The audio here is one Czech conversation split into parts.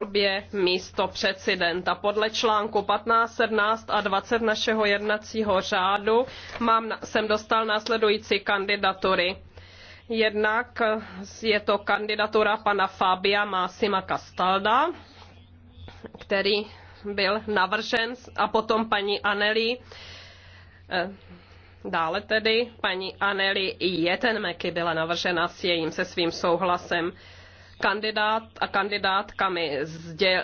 volbě místo prezidenta. Podle článku 15, 17 a 20 našeho jednacího řádu mám, jsem dostal následující kandidatury. Jednak je to kandidatura pana Fabia Másima Castalda, který byl navržen, a potom paní Anely, eh, dále tedy paní Anely Jetenmeky byla navržena s jejím, se svým souhlasem. Kandidát a kandidátkami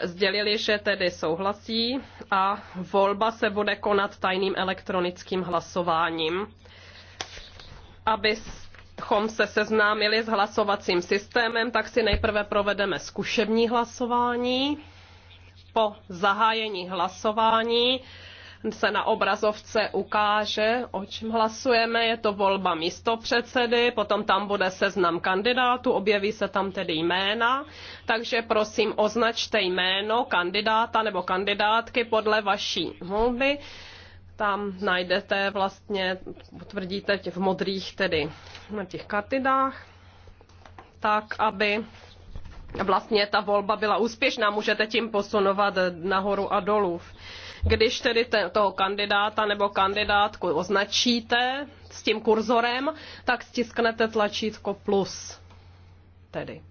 sdělili, že tedy souhlasí a volba se bude konat tajným elektronickým hlasováním. Abychom se seznámili s hlasovacím systémem, tak si nejprve provedeme zkušební hlasování. Po zahájení hlasování se na obrazovce ukáže, o čem hlasujeme. Je to volba místopředsedy, potom tam bude seznam kandidátů, objeví se tam tedy jména. Takže prosím označte jméno kandidáta nebo kandidátky podle vaší volby. Tam najdete vlastně, potvrdíte v modrých tedy na těch kartidách, tak aby vlastně ta volba byla úspěšná. Můžete tím posunovat nahoru a dolů. Když tedy te, toho kandidáta nebo kandidátku označíte s tím kurzorem, tak stisknete tlačítko plus. Tedy.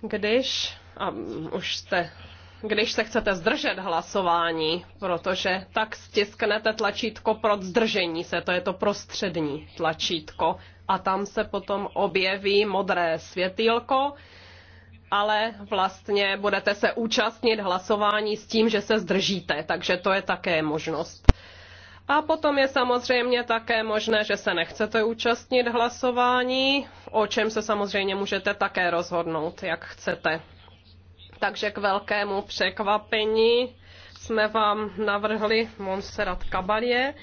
Když, a už jste když se chcete zdržet hlasování, protože tak stisknete tlačítko pro zdržení se, to je to prostřední tlačítko a tam se potom objeví modré světýlko ale vlastně budete se účastnit hlasování s tím, že se zdržíte, takže to je také možnost. A potom je samozřejmě také možné, že se nechcete účastnit hlasování, o čem se samozřejmě můžete také rozhodnout, jak chcete. Takže k velkému překvapení jsme vám navrhli Monserrat Caballé,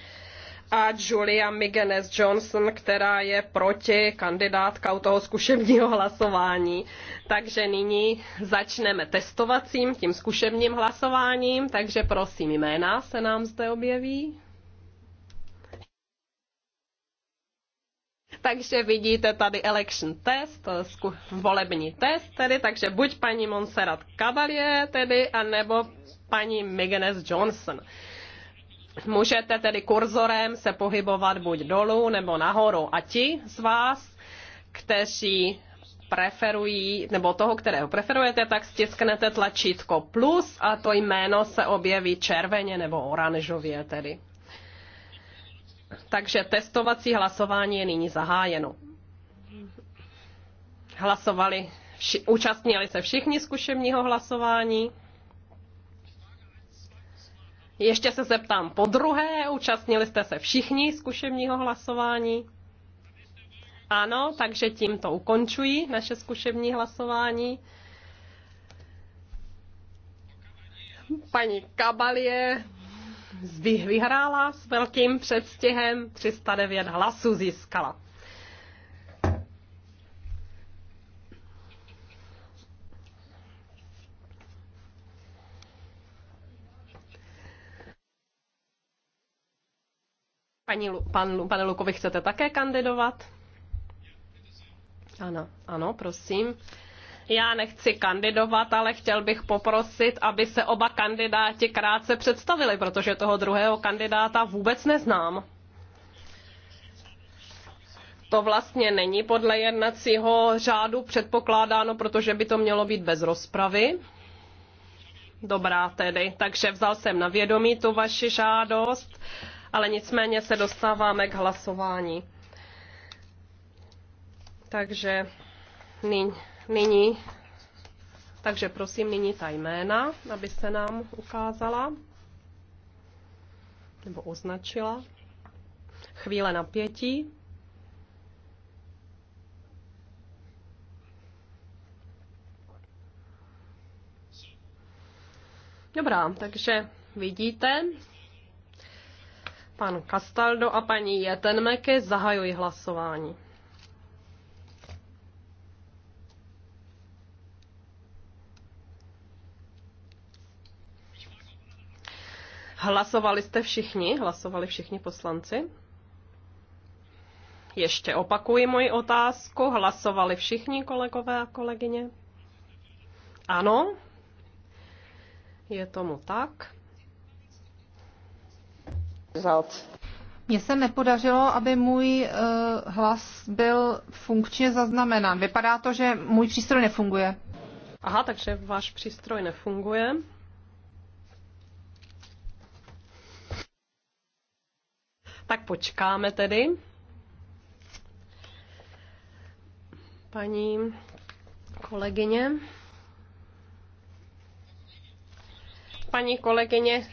a Julia Migenes Johnson, která je proti kandidátka u toho zkušebního hlasování. Takže nyní začneme testovacím, tím zkušebním hlasováním, takže prosím, jména se nám zde objeví. Takže vidíte tady election test, volební test tedy, takže buď paní Monserrat Cavalier tedy, anebo paní Migenes Johnson. Můžete tedy kurzorem se pohybovat buď dolů nebo nahoru. A ti z vás, kteří preferují, nebo toho, kterého preferujete, tak stisknete tlačítko plus a to jméno se objeví červeně nebo oranžově tedy. Takže testovací hlasování je nyní zahájeno. Hlasovali, vši, účastnili se všichni zkušebního hlasování. Ještě se zeptám po druhé, účastnili jste se všichni zkušebního hlasování? Ano, takže tímto ukončuji naše zkušební hlasování. Paní Kabalie vyhrála s velkým předstihem, 309 hlasů získala. Paní, pan, pane Lukovi, chcete také kandidovat? Ano, ano, prosím. Já nechci kandidovat, ale chtěl bych poprosit, aby se oba kandidáti krátce představili, protože toho druhého kandidáta vůbec neznám. To vlastně není podle jednacího řádu předpokládáno, protože by to mělo být bez rozpravy. Dobrá tedy, takže vzal jsem na vědomí tu vaši žádost ale nicméně se dostáváme k hlasování. Takže nyní, takže prosím nyní ta jména, aby se nám ukázala nebo označila. Chvíle napětí. Dobrá, takže vidíte, Pan Castaldo a paní Jetenmeke zahajují hlasování. Hlasovali jste všichni? Hlasovali všichni poslanci? Ještě opakuji moji otázku. Hlasovali všichni kolegové a kolegyně? Ano, je tomu tak. Mně se nepodařilo, aby můj uh, hlas byl funkčně zaznamenán. Vypadá to, že můj přístroj nefunguje. Aha, takže váš přístroj nefunguje. Tak počkáme tedy. Paní kolegyně. Paní kolegyně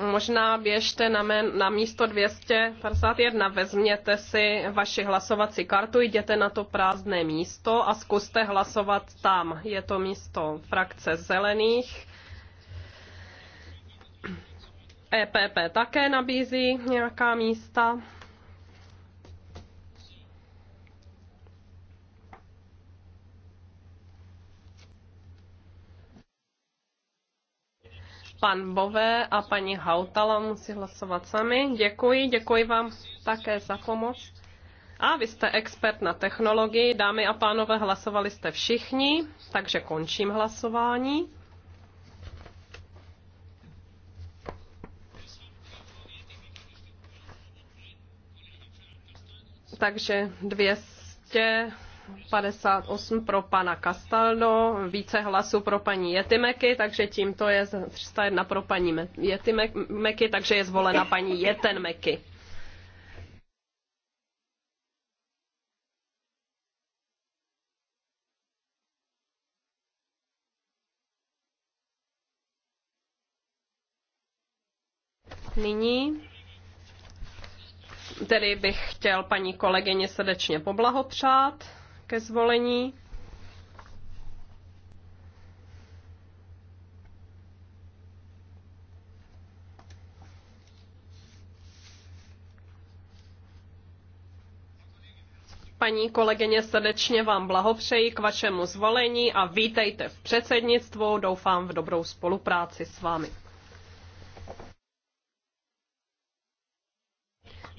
možná běžte na, mé, na místo 251, vezměte si vaši hlasovací kartu, jděte na to prázdné místo a zkuste hlasovat tam. Je to místo frakce zelených. EPP také nabízí nějaká místa. Pan Bové a paní Hautala musí hlasovat sami. Děkuji, děkuji vám také za pomoc. A vy jste expert na technologii, dámy a pánové, hlasovali jste všichni, takže končím hlasování. Takže 200 58 pro pana Castaldo, více hlasů pro paní Jetimeky, takže tímto je 301 pro paní Jetimeky, takže je zvolena paní Jetenmeky. Nyní tedy bych chtěl paní kolegyně srdečně poblahopřát ke zvolení. Paní kolegyně, srdečně vám blahopřeji k vašemu zvolení a vítejte v předsednictvu. Doufám v dobrou spolupráci s vámi.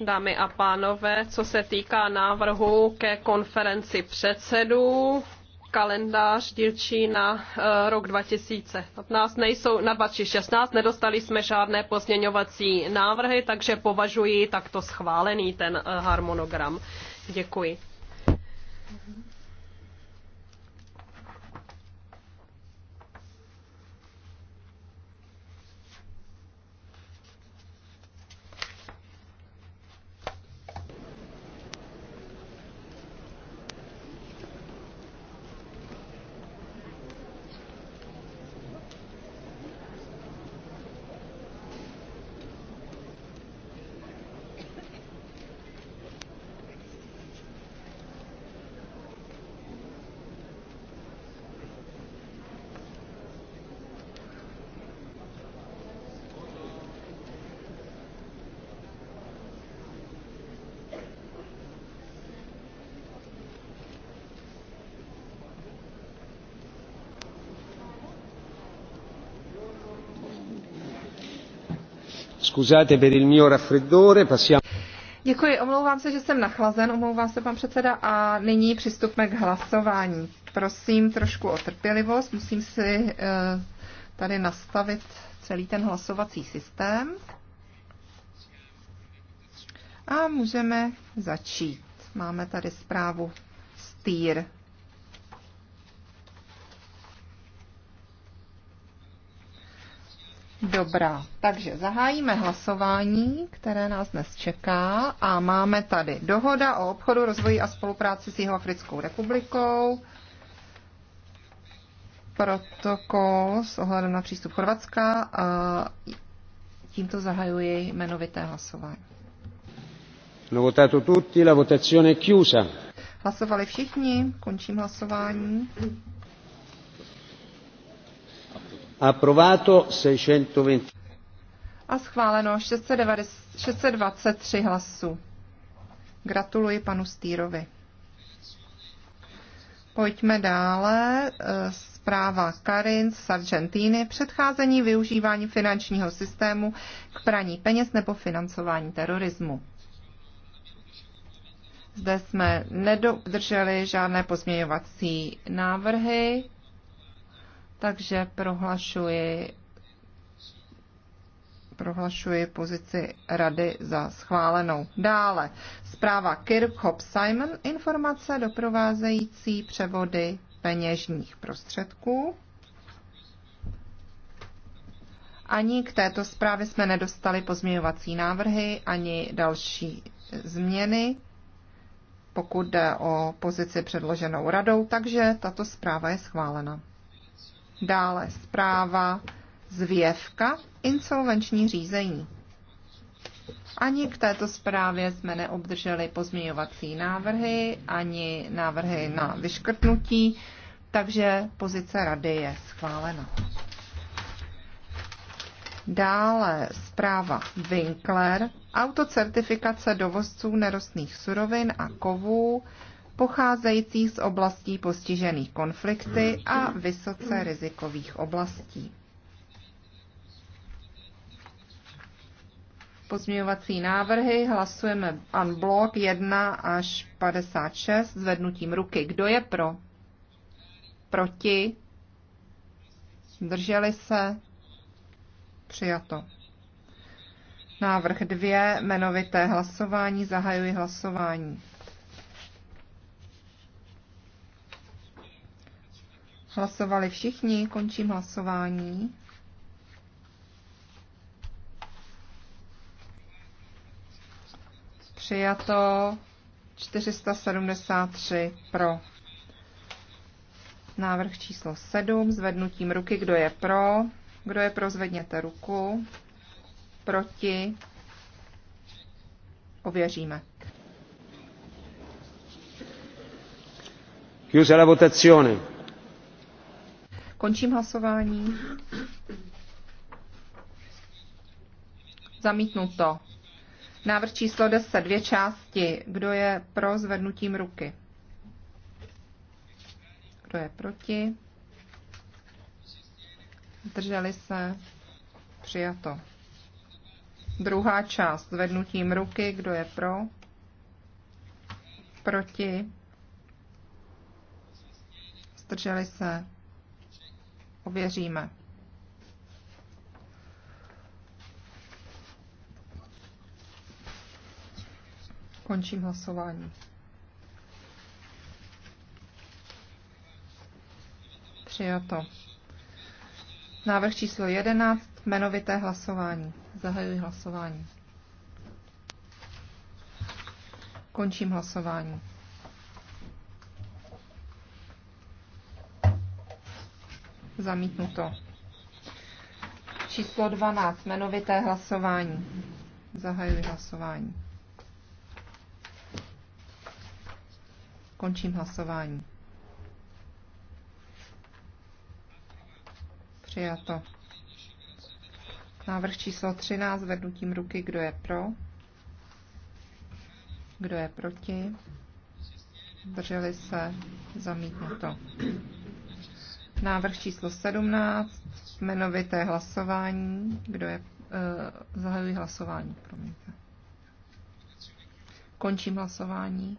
dámy a pánové, co se týká návrhu ke konferenci předsedů, kalendář dílčí na eh, rok 2015 nejsou na 2016, nedostali jsme žádné pozměňovací návrhy, takže považuji takto schválený ten eh, harmonogram. Děkuji. Děkuji, omlouvám se, že jsem nachlazen, omlouvá se pan předseda a nyní přistupme k hlasování. Prosím trošku o trpělivost, musím si eh, tady nastavit celý ten hlasovací systém. A můžeme začít. Máme tady zprávu STEER Dobrá, takže zahájíme hlasování, které nás dnes čeká a máme tady dohoda o obchodu, rozvoji a spolupráci s Jihoafrickou republikou, protokol s ohledem na přístup Chorvatska a tímto zahajuji jmenovité hlasování. votato tutti, la votazione è chiusa. Hlasovali všichni, končím hlasování. Approvato 620. A schváleno 690, 623 hlasů. Gratuluji panu Stýrovi. Pojďme dále. Eh, zpráva Karin z Argentíny. Předcházení využívání finančního systému k praní peněz nebo financování terorismu. Zde jsme nedodrželi žádné pozměňovací návrhy. Takže prohlašuji, prohlašuji pozici rady za schválenou. Dále zpráva Kirchhoff Simon informace doprovázející převody peněžních prostředků. Ani k této zprávě jsme nedostali pozměňovací návrhy, ani další změny, pokud jde o pozici předloženou radou, takže tato zpráva je schválena. Dále zpráva Zvěvka, insolvenční řízení. Ani k této zprávě jsme neobdrželi pozměňovací návrhy, ani návrhy na vyškrtnutí, takže pozice rady je schválena. Dále zpráva Winkler, autocertifikace dovozců nerostných surovin a kovů, pocházejících z oblastí postižených konflikty a vysoce rizikových oblastí. Pozměňovací návrhy hlasujeme unblock 1 až 56 zvednutím ruky. Kdo je pro? Proti? Drželi se? Přijato. Návrh 2, jmenovité hlasování, zahajuji hlasování. Hlasovali všichni, končím hlasování. Přijato 473 pro. Návrh číslo 7, zvednutím ruky, kdo je pro. Kdo je pro, zvedněte ruku. Proti. Ověříme. Chiusa la votazione Končím hlasování. Zamítnuto. Návrh číslo 10, dvě části. Kdo je pro zvednutím ruky? Kdo je proti? Zdrželi se? Přijato. Druhá část zvednutím ruky. Kdo je pro? Proti? Zdrželi se? Ověříme. Končím hlasování. Přijato. Návrh číslo 11, jmenovité hlasování. Zahajuji hlasování. Končím hlasování. Zamítnuto. Číslo 12. Jmenovité hlasování. Zahajuji hlasování. Končím hlasování. Přijato. Návrh číslo 13 vednutím ruky, kdo je pro, kdo je proti, drželi se, zamítnuto. Návrh číslo 17, jmenovité hlasování. Kdo je? E, zahajuji hlasování, promiňte. Končím hlasování.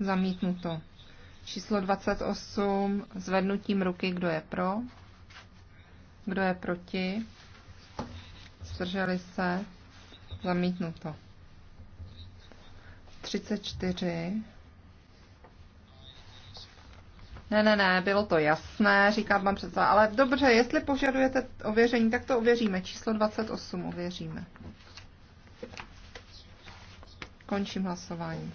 Zamítnuto. Číslo 28, zvednutím ruky, kdo je pro? Kdo je proti? Zdrželi se? Zamítnuto. 34. Ne, ne, ne, bylo to jasné, říká pan předseda. Ale dobře, jestli požadujete ověření, tak to ověříme. Číslo 28 ověříme. Končím hlasování.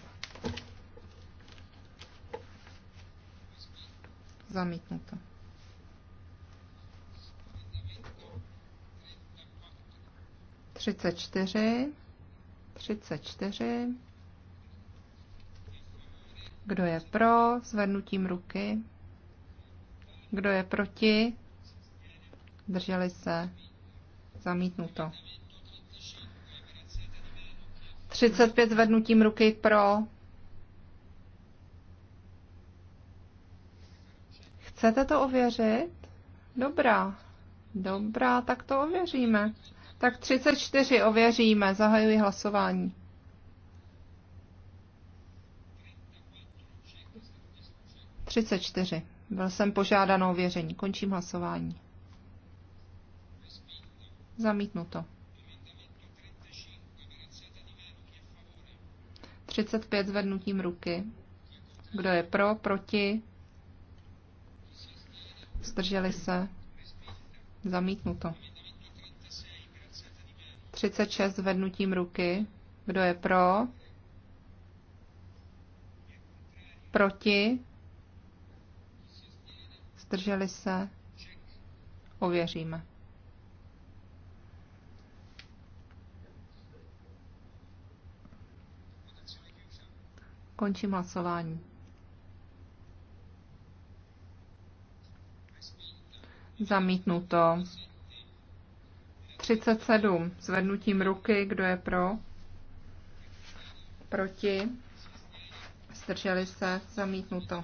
Zamítnuto. Třicet čtyři. Třicet čtyři. Kdo je pro? Zvednutím ruky. Kdo je proti? Drželi se. Zamítnuto. 35 zvednutím ruky pro. Chcete to ověřit? Dobrá. Dobrá, tak to ověříme. Tak 34 ověříme. Zahajuji hlasování. 34. Byl jsem požádanou o věření. Končím hlasování. Zamítnuto. 35 zvednutím ruky. Kdo je pro, proti? Zdrželi se. Zamítnuto. 36 zvednutím ruky. Kdo je pro? Proti? zdrželi se, ověříme. Končím hlasování. Zamítnuto. 37. Zvednutím ruky, kdo je pro? Proti? Zdrželi se? Zamítnuto.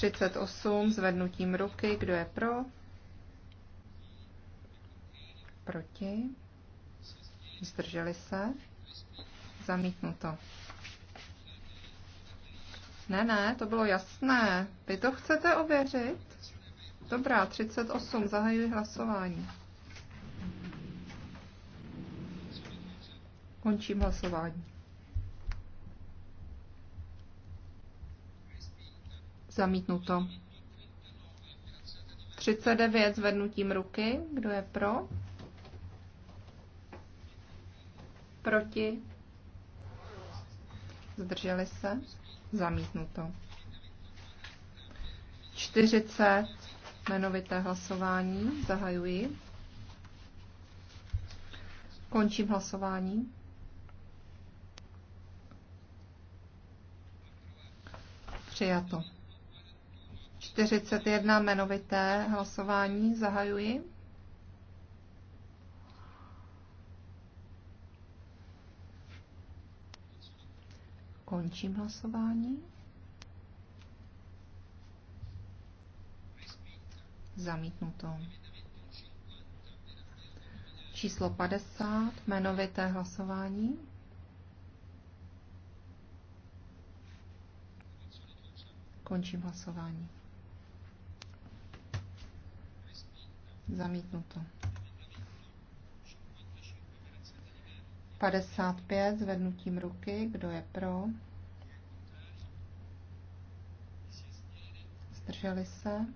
38 zvednutím ruky. Kdo je pro? Proti? Zdrželi se? Zamítnuto. Ne, ne, to bylo jasné. Vy to chcete ověřit? Dobrá, 38, zahajuji hlasování. Končím hlasování. Zamítnuto. 39 zvednutím ruky. Kdo je pro? Proti? Zdrželi se? Zamítnuto. 40 jmenovité hlasování. Zahajuji. Končím hlasování. Přijato. 41 jmenovité hlasování zahajuji. Končím hlasování. Zamítnuto. Číslo 50, jmenovité hlasování. Končím hlasování. Zamítnuto. 55 zvednutím ruky. Kdo je pro? Zdrželi se?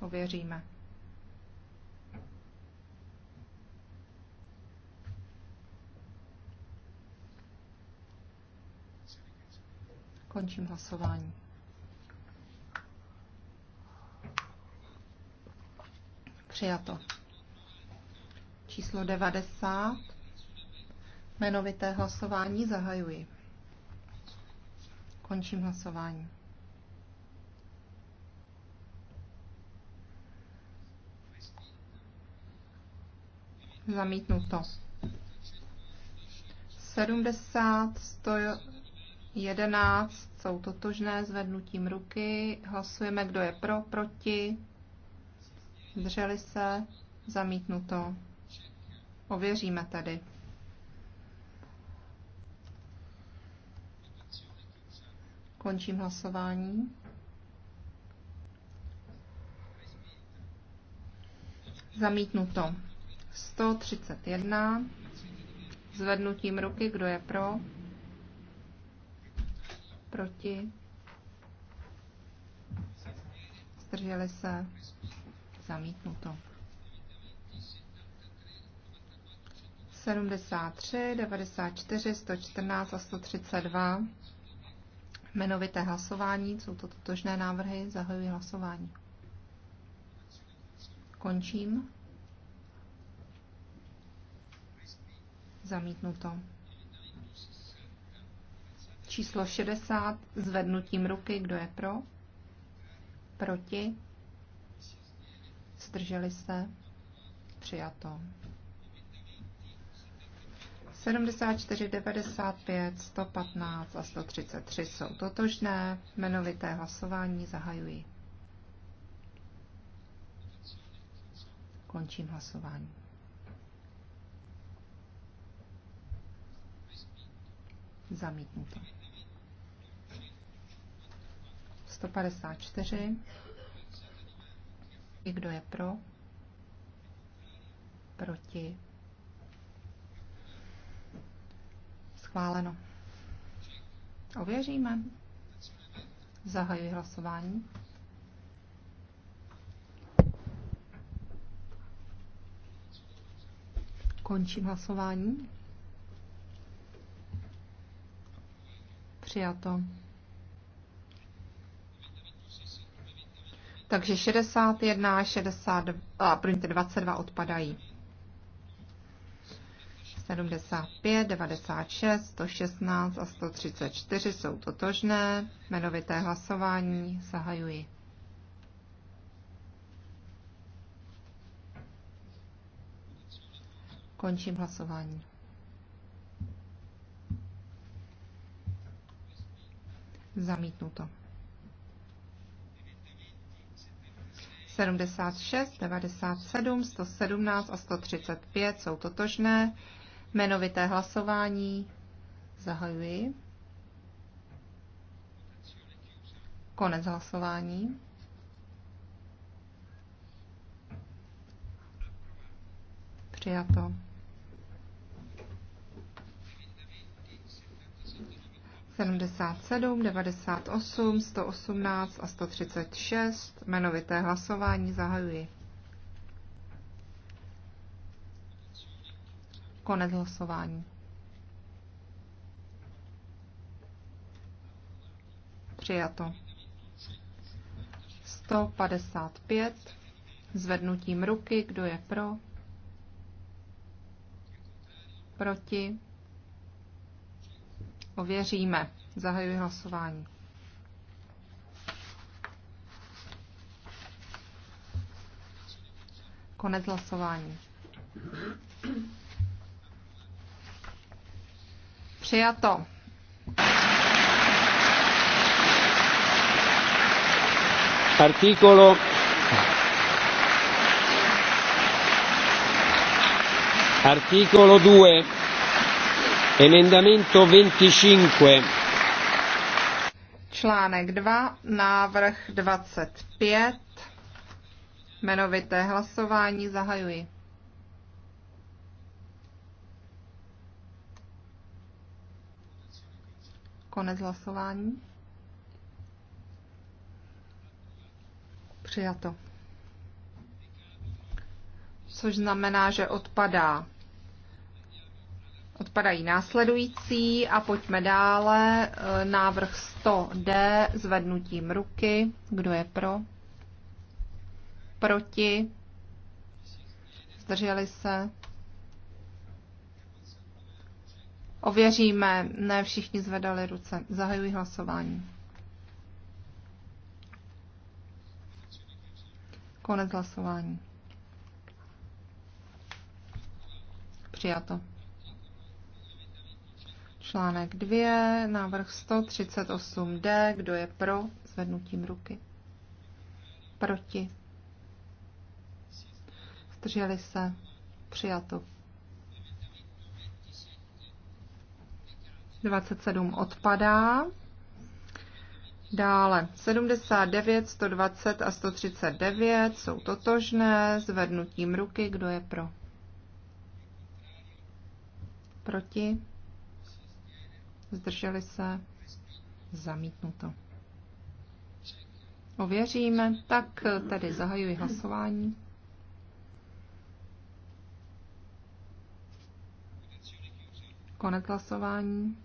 Ověříme. Končím hlasování. Přijato. Číslo 90. Jmenovité hlasování zahajuji. Končím hlasování. Zamítnuto. 70, 111 jsou totožné zvednutím ruky. Hlasujeme, kdo je pro, proti. Zdrželi se? Zamítnuto. Ověříme tedy. Končím hlasování. Zamítnuto. 131. Zvednutím ruky, kdo je pro? Proti? Zdrželi se? zamítnuto. 73, 94, 114 a 132. Jmenovité hlasování, jsou to totožné návrhy, zahajuji hlasování. Končím. Zamítnuto. Číslo 60, zvednutím ruky, kdo je pro? Proti? Zdrželi se? Přijato. 74, 95, 115 a 133 jsou totožné. Jmenovité hlasování zahajuji. Končím hlasování. Zamítnuto. 154. Kdo je pro? Proti? Schváleno. Ověříme. Zahajuji hlasování. Končím hlasování. Přijato. Takže 61, 62, a promiňte, 22 odpadají. 75, 96, 116 a 134 jsou totožné. Jmenovité hlasování zahajuji. Končím hlasování. Zamítnuto. 76, 97, 117 a 135 jsou totožné. Jmenovité hlasování zahajuji. Konec hlasování. Přijato. 77, 98, 118 a 136. Jmenovité hlasování zahajuji. Konec hlasování. Přijato. 155. Zvednutím ruky. Kdo je pro? Proti? Ověříme. Zahajuji hlasování. Konec hlasování. Přijato. Articolo Articolo 2 Emendamento 25. Článek 2, návrh 25. Jmenovité hlasování zahajuji. Konec hlasování. Přijato. Což znamená, že odpadá Odpadají následující a pojďme dále. E, návrh 100D zvednutím ruky. Kdo je pro? Proti? Zdrželi se? Ověříme, ne všichni zvedali ruce. Zahajuji hlasování. Konec hlasování. Přijato. Článek 2, návrh 138D, kdo je pro, zvednutím ruky. Proti. Zdrželi se. Přijato. 27 odpadá. Dále 79, 120 a 139 jsou totožné zvednutím ruky. Kdo je pro? Proti? zdrželi se, zamítnuto. Ověříme, tak tedy zahajuji hlasování. Konec hlasování.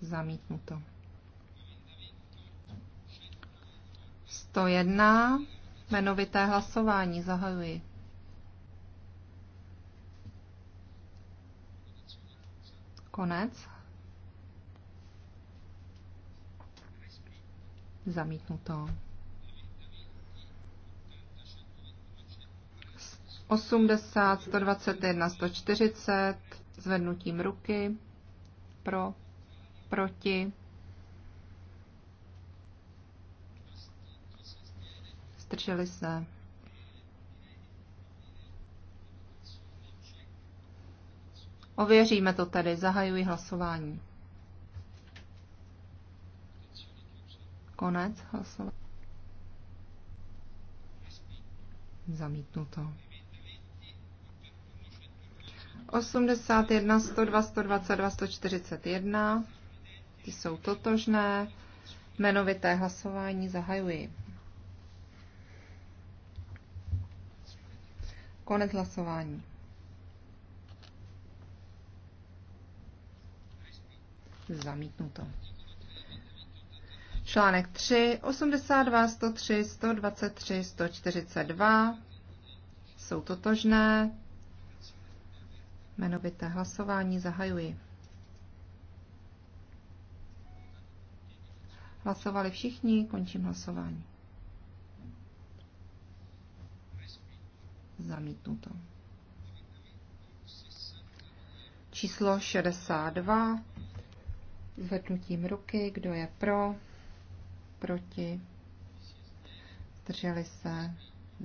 Zamítnuto. 101. Jmenovité hlasování zahajuji. Konec. Zamítnuto. 80, 121, 140 zvednutím ruky pro, proti. Zdrželi se. Ověříme to tedy. Zahajuji hlasování. Konec hlasování. Zamítnuto. 81, 102, 122, 141. Ty jsou totožné. Jmenovité hlasování zahajuji. Konec hlasování. Zamítnuto. Článek 3, 82, 103, 123, 142 jsou totožné. Jmenovité hlasování zahajuji. Hlasovali všichni, končím hlasování. Zamítnuto. Číslo 62, zvednutím ruky, kdo je pro, proti, zdrželi se,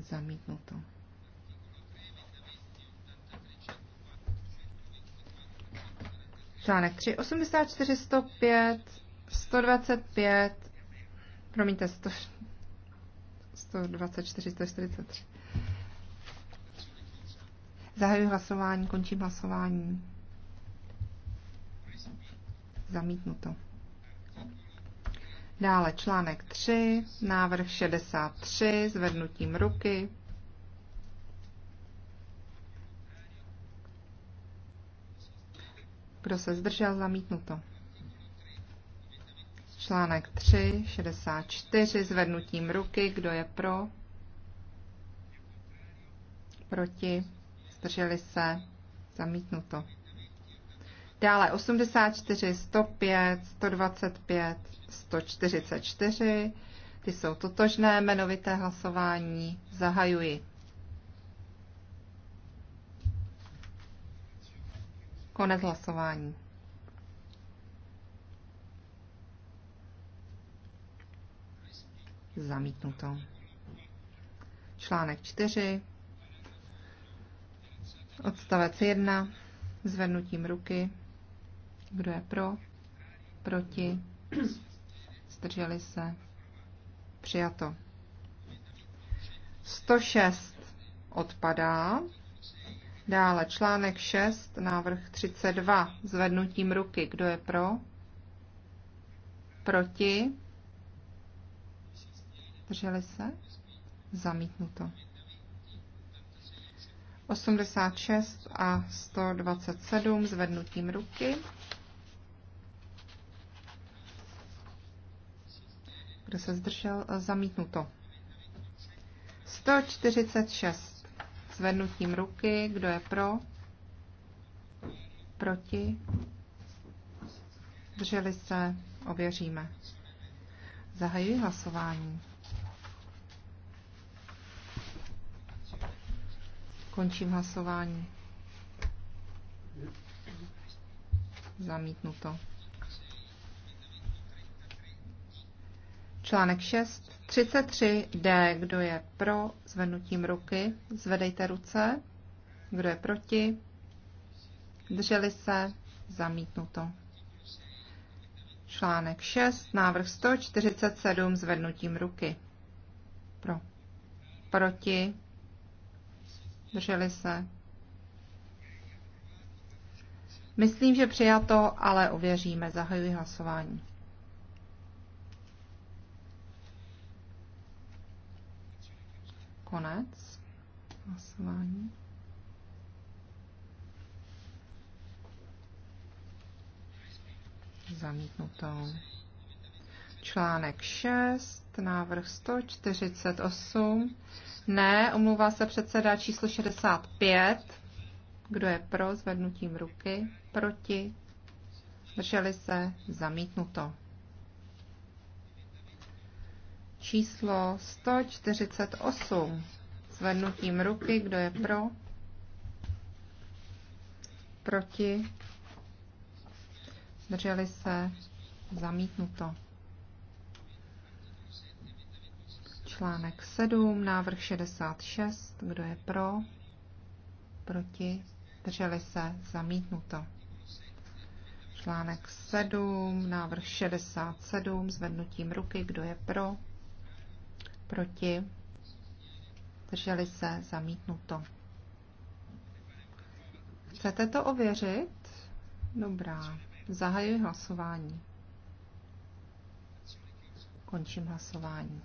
zamítnuto. Článek 3, 84, 105, 125, promiňte, 100, 124, 143. Zahajuji hlasování, končím hlasování. Zamítnuto. Dále článek 3, návrh 63, zvednutím ruky. Kdo se zdržel, zamítnuto. Článek 3, 64, zvednutím ruky. Kdo je pro? Proti? Zdrželi se? Zamítnuto. Dále 84, 105, 125, 144. Ty jsou totožné, jmenovité hlasování. Zahajuji. Konec hlasování. Zamítnuto. Článek 4. Odstavec 1. Zvednutím ruky. Kdo je pro? Proti? Zdrželi se? Přijato. 106 odpadá. Dále článek 6, návrh 32, zvednutím ruky. Kdo je pro? Proti? Zdrželi se? Zamítnuto. 86 a 127 zvednutím ruky. Kdo se zdržel? E, zamítnuto. 146. Zvednutím ruky. Kdo je pro? Proti? Drželi se? Ověříme. Zahajuji hlasování. Končím hlasování. Zamítnuto. Článek 6. 33D. Kdo je pro zvednutím ruky? Zvedejte ruce. Kdo je proti? Drželi se? Zamítnuto. Článek 6. Návrh 147. Zvednutím ruky. Pro. Proti? Drželi se? Myslím, že přijato, ale ověříme. Zahajuji hlasování. Konec hlasování. Zamítnuto. Článek 6, návrh 148. Ne, omluvá se předseda číslo 65. Kdo je pro zvednutím ruky? Proti? Drželi se? Zamítnuto číslo 148 zvednutím ruky, kdo je pro, proti, drželi se, zamítnuto. Článek 7, návrh 66, kdo je pro, proti, drželi se, zamítnuto. Článek 7, návrh 67, zvednutím ruky, kdo je pro, proti, drželi se, zamítnuto. Chcete to ověřit? Dobrá, zahajuji hlasování. Končím hlasování.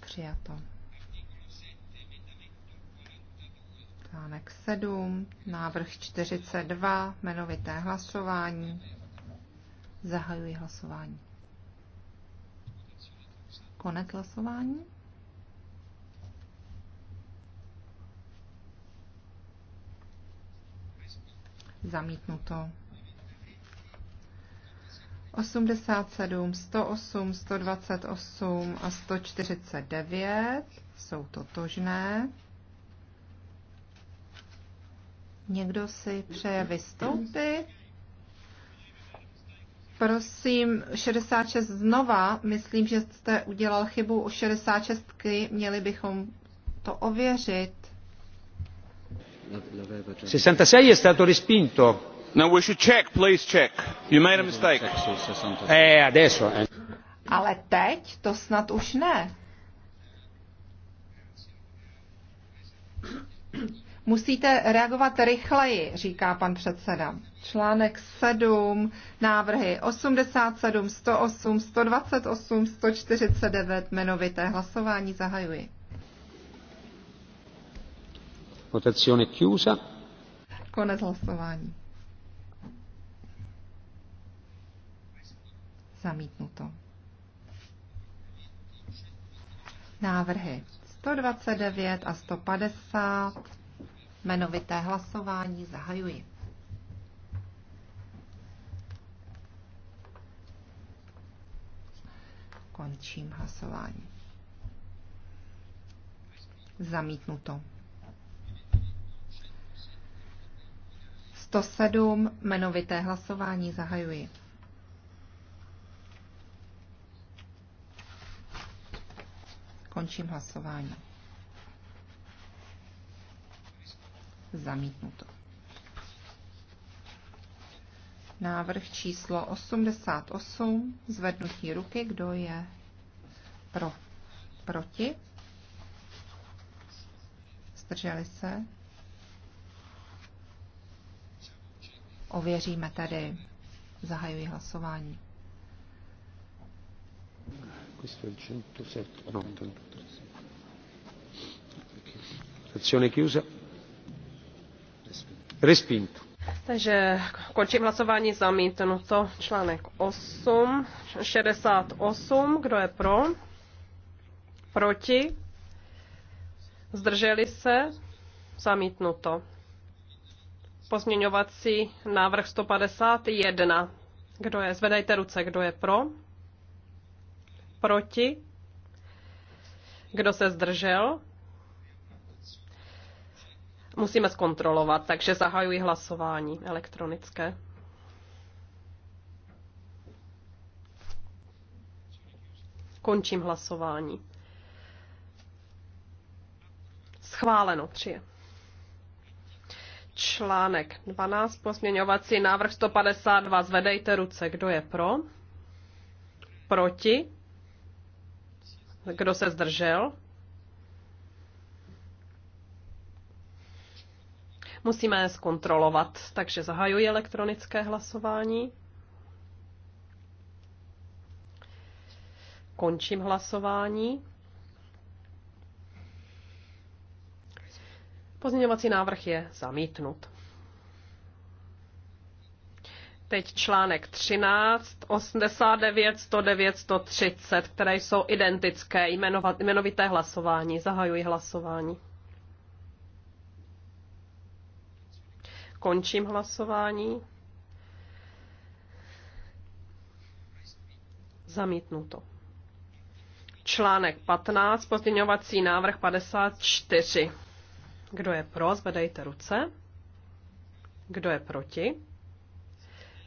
Přijato. Článek 7, návrh 42, jmenovité hlasování. Zahajuji hlasování. Konec hlasování. Zamítnuto. 87, 108, 128 a 149 jsou totožné. Někdo si přeje vystoupit? Prosím, 66 znova, myslím, že jste udělal chybu u 66, měli bychom to ověřit. 66 je stato respinto. No, we should check, please check. You made a mistake. Eh, adesso. Eh. Ale teď to snad už ne. Musíte reagovat rychleji, říká pan předseda. Článek 7, návrhy 87, 108, 128, 149, jmenovité hlasování zahajuji. Votazione chiusa. Konec hlasování. Zamítnuto. Návrhy 129 a 150 Jmenovité hlasování zahajuji. Končím hlasování. Zamítnuto. 107. Jmenovité hlasování zahajuji. Končím hlasování. zamítnuto. Návrh číslo 88, zvednutí ruky, kdo je pro, proti, zdrželi se. Ověříme tedy, zahajuji hlasování. Questo no, chiusa. Takže končím hlasování zamítnuto článek 8, 68, kdo je pro, proti, zdrželi se, zamítnuto. Pozměňovací návrh 151, kdo je, zvedajte ruce, kdo je pro, proti, kdo se zdržel, Musíme zkontrolovat, takže zahajuji hlasování elektronické. Končím hlasování. Schváleno tři. Článek 12, posměňovací návrh 152. Zvedejte ruce, kdo je pro? Proti? Kdo se zdržel? Musíme je zkontrolovat, takže zahajuji elektronické hlasování. Končím hlasování. Pozměňovací návrh je zamítnut. Teď článek 13, 89, 109, 130, které jsou identické jmenovité hlasování. Zahajuji hlasování. Končím hlasování. Zamítnuto. Článek 15, pozměňovací návrh 54. Kdo je pro, zvedejte ruce. Kdo je proti?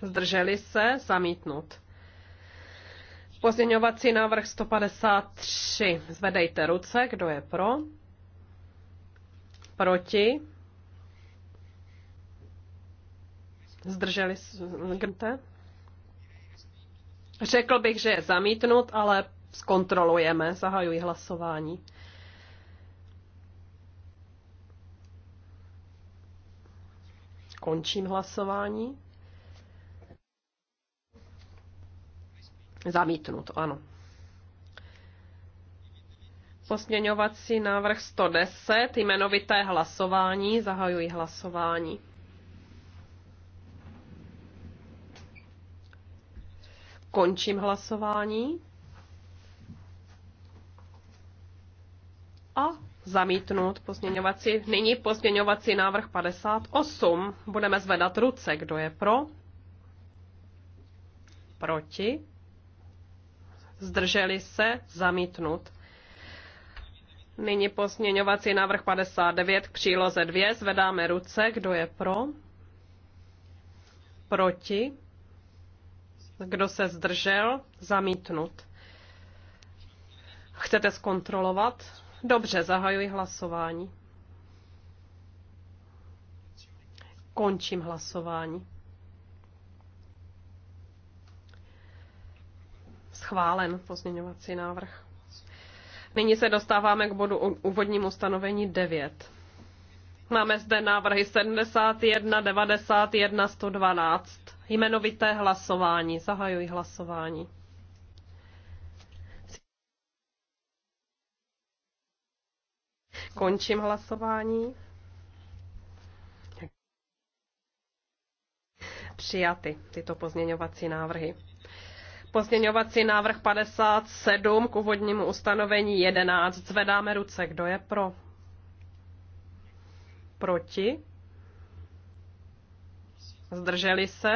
Zdrželi se, zamítnut. Pozměňovací návrh 153. Zvedejte ruce. Kdo je pro? Proti? Zdrželi se? Řekl bych, že je zamítnut, ale zkontrolujeme. Zahajuji hlasování. Končím hlasování. Zamítnut, ano. Posměňovací návrh 110, jmenovité hlasování, zahajuji hlasování. Končím hlasování. A zamítnout pozměňovací. Nyní pozměňovací návrh 58. Budeme zvedat ruce. Kdo je pro? Proti? Zdrželi se? Zamítnut. Nyní pozměňovací návrh 59 k příloze 2. Zvedáme ruce. Kdo je pro? Proti? Kdo se zdržel? Zamítnut. Chcete zkontrolovat? Dobře, zahajuji hlasování. Končím hlasování. Schválen pozměňovací návrh. Nyní se dostáváme k bodu úvodnímu stanovení 9. Máme zde návrhy 71, 91, 112. Jmenovité hlasování. Zahajuji hlasování. Končím hlasování. Přijaty tyto pozměňovací návrhy. Pozměňovací návrh 57 k úvodnímu ustanovení 11. Zvedáme ruce. Kdo je pro? Proti? Zdrželi se?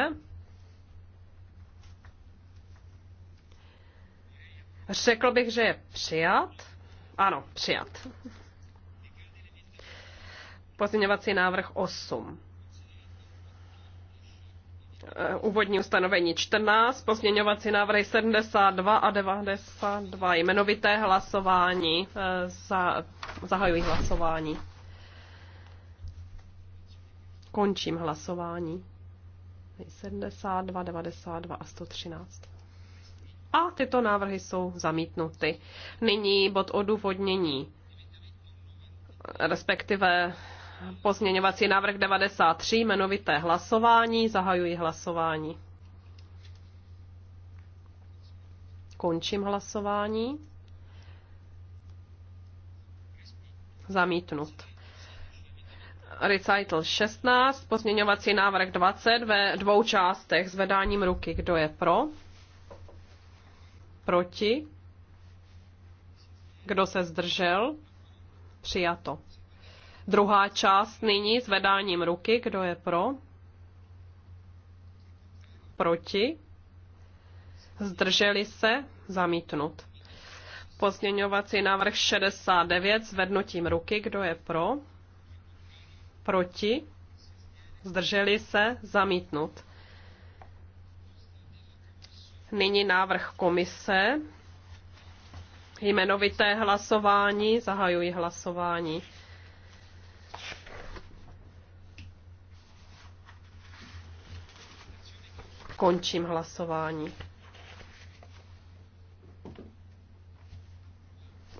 Řekl bych, že je přijat. Ano, přijat. Pozměňovací návrh 8. Eh, úvodní ustanovení 14, pozměňovací návrhy 72 a 92. Jmenovité hlasování. Eh, za, zahajuji hlasování. Končím hlasování. 72, 92 a 113. A tyto návrhy jsou zamítnuty. Nyní bod odůvodnění, respektive pozměňovací návrh 93, jmenovité hlasování. Zahajuji hlasování. Končím hlasování. Zamítnut recital 16, pozměňovací návrh 20 ve dvou částech s vedáním ruky. Kdo je pro? Proti? Kdo se zdržel? Přijato. Druhá část nyní s vedáním ruky. Kdo je pro? Proti? Zdrželi se? Zamítnut. Pozměňovací návrh 69 s vednutím ruky. Kdo je pro? proti, zdrželi se, zamítnut. Nyní návrh komise. Jmenovité hlasování, zahajuji hlasování. Končím hlasování.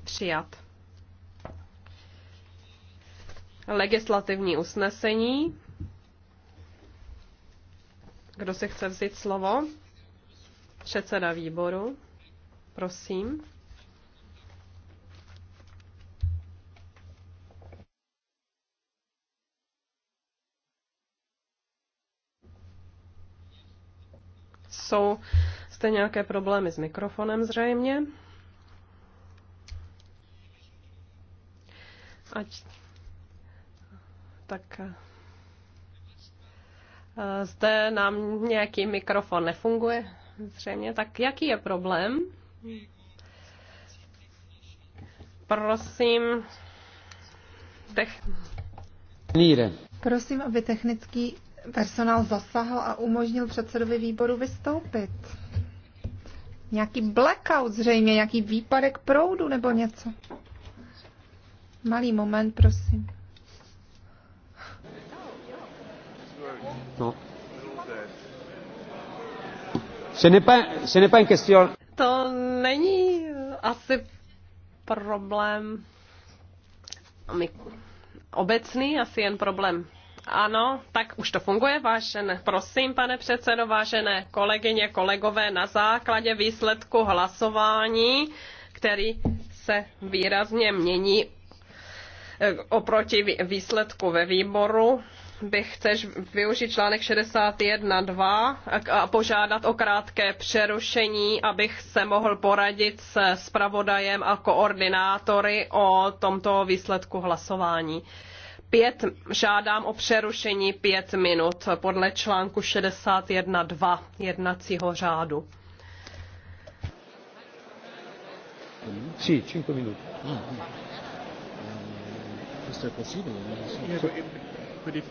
Přijat legislativní usnesení. Kdo si chce vzít slovo? Předseda výboru. Prosím. Jsou jste nějaké problémy s mikrofonem zřejmě? Ať tak eh, zde nám nějaký mikrofon nefunguje, zřejmě. Tak jaký je problém? Prosím, tech... Prosím, aby technický personál zasahl a umožnil předsedovi výboru vystoupit. Nějaký blackout zřejmě, nějaký výpadek proudu nebo něco. Malý moment, prosím. No. Se ne pas, question. To není eh, asi problém obecný, asi jen problém ano, tak už to funguje, vážené. Prosím, pane předsedo, vážené kolegyně, kolegové, na základě výsledku hlasování, který se výrazně mění eh, oproti výsledku ve výboru, bych chceš využít článek 61.2 a požádat o krátké přerušení, abych se mohl poradit s spravodajem a koordinátory o tomto výsledku hlasování. Pět, žádám o přerušení pět minut podle článku 61.2 jednacího řádu. Sí, cinco minutos. Eh,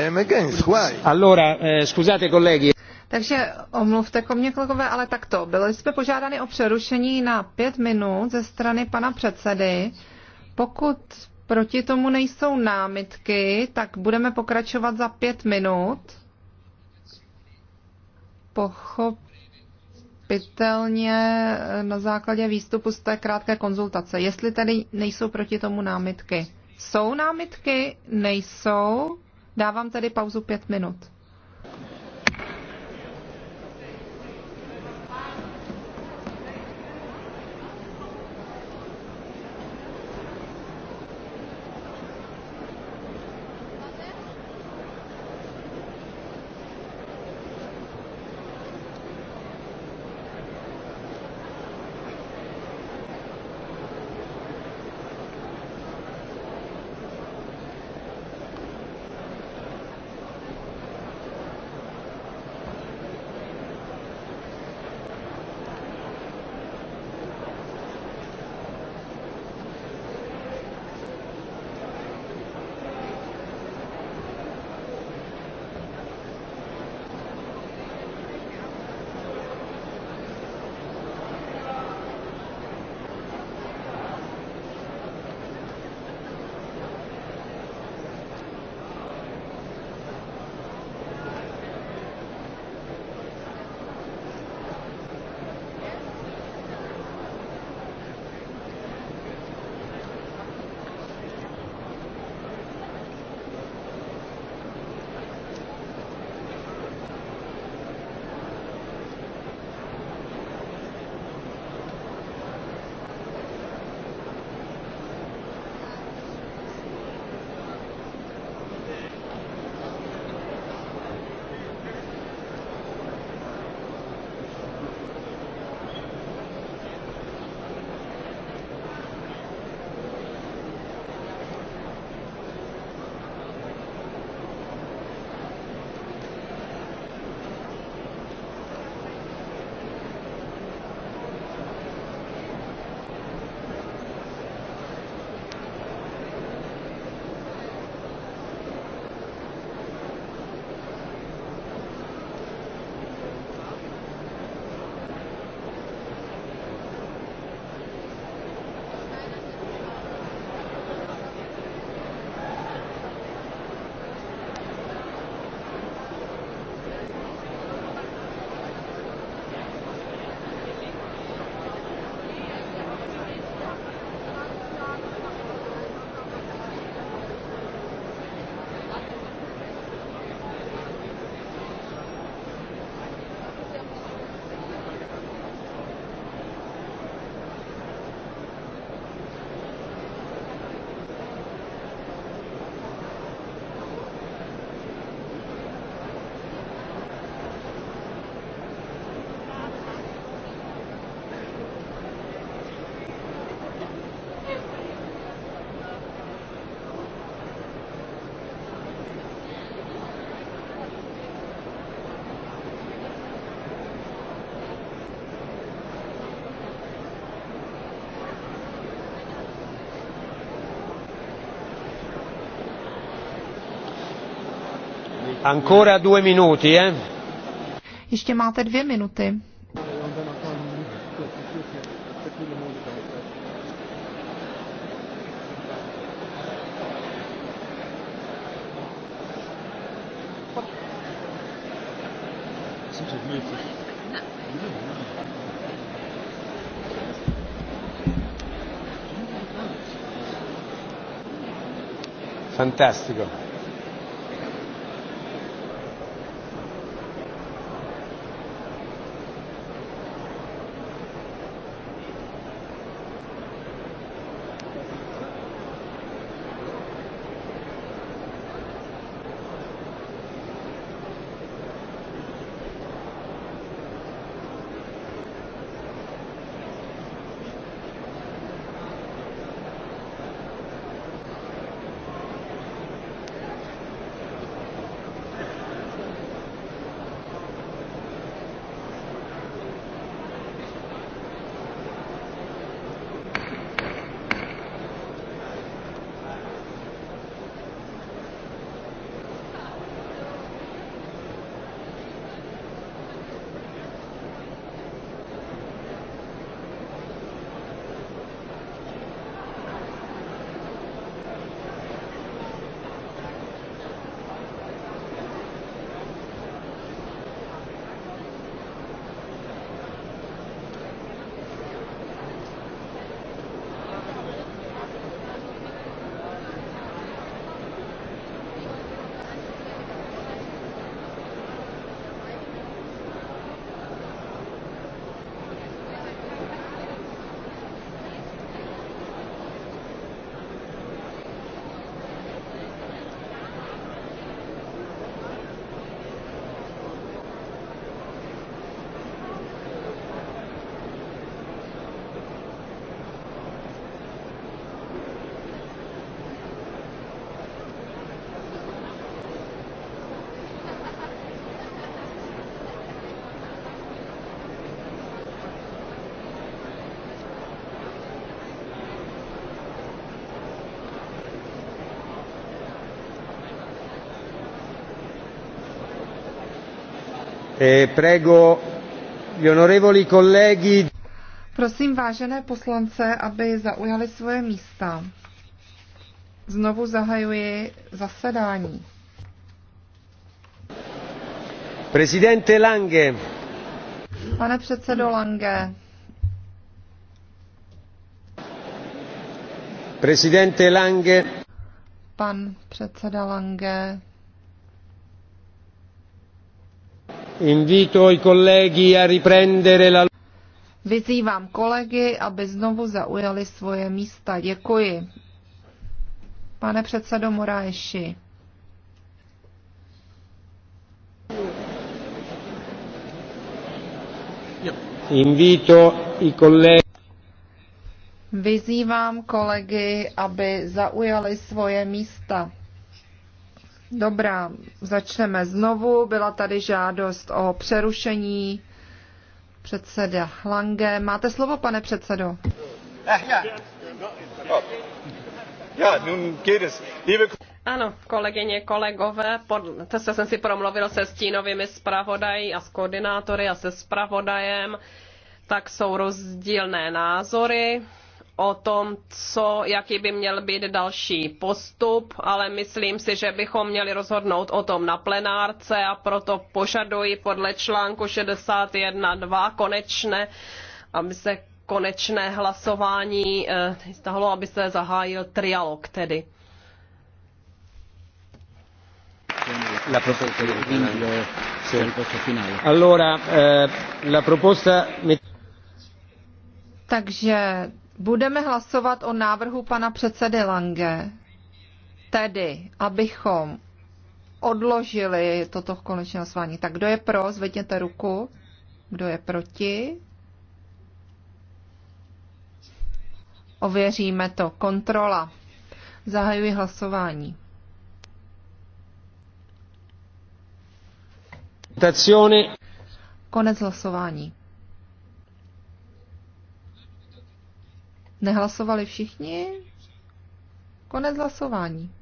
I am against. Why? Allora, eh, scusate colleghi. Takže omluvte ko mě, kolegové, ale takto. Byli jsme požádány o přerušení na pět minut ze strany pana předsedy. Pokud proti tomu nejsou námitky, tak budeme pokračovat za pět minut. Pochopitelně eh, na základě výstupu z té krátké konzultace, jestli tedy nejsou proti tomu námitky. Jsou námitky? Nejsou. Dávám tedy pauzu pět minut. Ancora due minuti, eh? Ještě máte dvě minuty. Fantastico. E, Prosím vážené poslance, aby zaujali svoje místa. Znovu zahajuji zasedání. Presidente Lange. Pane předsedo Lange. Presidente Lange. Pan předseda Lange. Vyzývám kolegy, aby znovu zaujali svoje místa. Děkuji. Pane předsedo Moráši. Invito i kolegy. Vyzývám kolegy, aby zaujali svoje místa. Dobrá, začneme znovu. Byla tady žádost o přerušení předseda Lange. Máte slovo, pane předsedo? Eh, oh. Ano, kolegyně, kolegové, podle, to jsem si promluvil se stínovými zpravodají a s koordinátory a se zpravodajem, tak jsou rozdílné názory o tom, co, jaký by měl být další postup, ale myslím si, že bychom měli rozhodnout o tom na plenárce a proto požaduji podle článku 61.2 konečné, aby se konečné hlasování eh, stahlo, aby se zahájil trialog tedy. La proposta del sì. il eh, posto finale. Allora, eh, la proposta... Takže Budeme hlasovat o návrhu pana předsedy Lange, tedy abychom odložili toto konečné hlasování. Tak kdo je pro, zvedněte ruku. Kdo je proti? Ověříme to. Kontrola. Zahajuji hlasování. Konec hlasování. Nehlasovali všichni? Konec hlasování.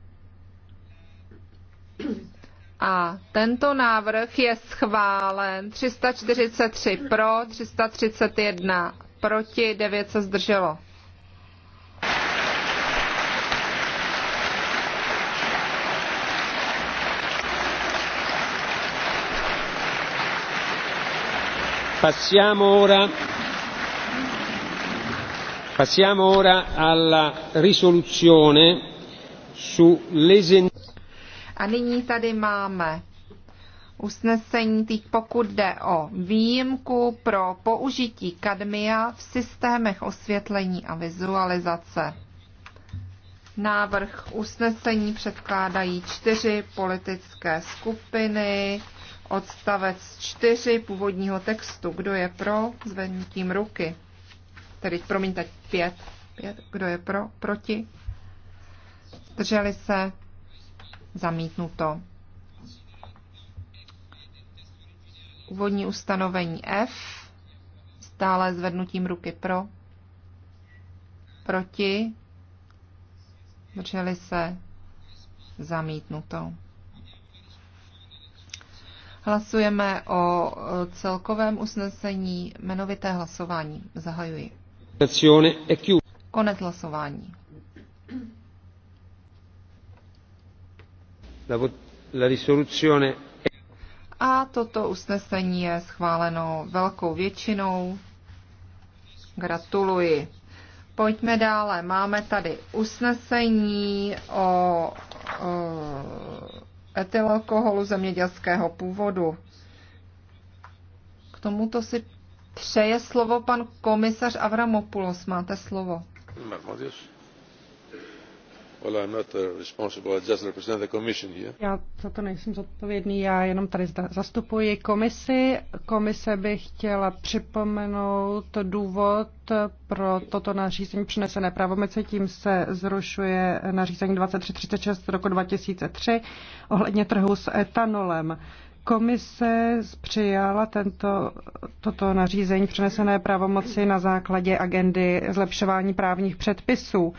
A tento návrh je schválen 343 pro, 331 proti, 9 se zdrželo. Passiamo ora Passiamo ora alla risoluzione su A nyní tady máme usnesení, tý, pokud jde o výjimku pro použití kadmia v systémech osvětlení a vizualizace. Návrh usnesení předkládají čtyři politické skupiny. Odstavec čtyři původního textu. Kdo je pro? Zvednutím ruky tedy promiňte, pět. Pět. Kdo je pro? Proti? Drželi se? Zamítnuto. Úvodní ustanovení F. Stále zvednutím ruky pro. Proti? Drželi se? Zamítnuto. Hlasujeme o celkovém usnesení jmenovité hlasování. Zahajuji. Konec hlasování. La, a toto usnesení je schváleno velkou většinou. Gratuluji. Pojďme dále. Máme tady usnesení o, o etylalkoholu zemědělského původu. K tomuto si přeje slovo pan komisař Avramopoulos. Máte slovo. Uh, já za to nejsem zodpovědný, já jenom tady zastupuji komisi. Komise by chtěla připomenout důvod pro toto nařízení přinesené pravomoci, tím se zrušuje nařízení 2336 roku 2003 ohledně trhu s etanolem. Komise přijala tento, toto nařízení přenesené pravomoci na základě agendy zlepšování právních předpisů.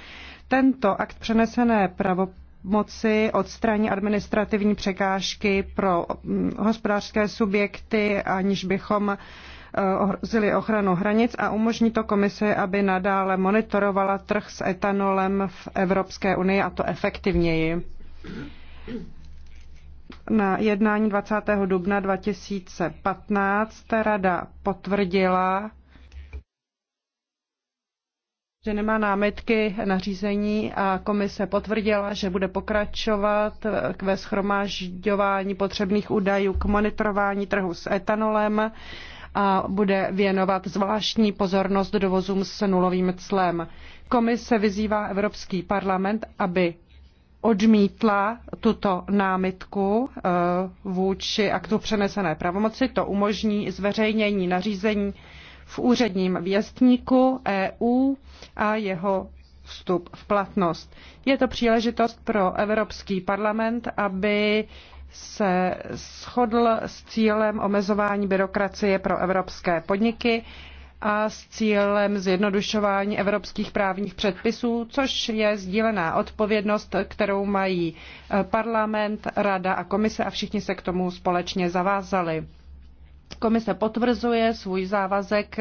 Tento akt přenesené pravomoci odstraní administrativní překážky pro mm, hospodářské subjekty, aniž bychom eh, ohrozili ochranu hranic a umožní to komise, aby nadále monitorovala trh s etanolem v Evropské unii a to efektivněji na jednání 20. dubna 2015 rada potvrdila, že nemá námitky na řízení a komise potvrdila, že bude pokračovat ve schromažďování potřebných údajů k monitorování trhu s etanolem a bude věnovat zvláštní pozornost dovozům s nulovým clem. Komise vyzývá Evropský parlament, aby odmítla tuto námitku eh, vůči aktu přenesené pravomoci. To umožní zveřejnění nařízení v úředním věstníku EU a jeho vstup v platnost. Je to příležitost pro Evropský parlament, aby se shodl s cílem omezování byrokracie pro evropské podniky a s cílem zjednodušování evropských právních předpisů, což je sdílená odpovědnost, kterou mají eh, parlament, rada a komise a všichni se k tomu společně zavázali. Komise potvrzuje svůj závazek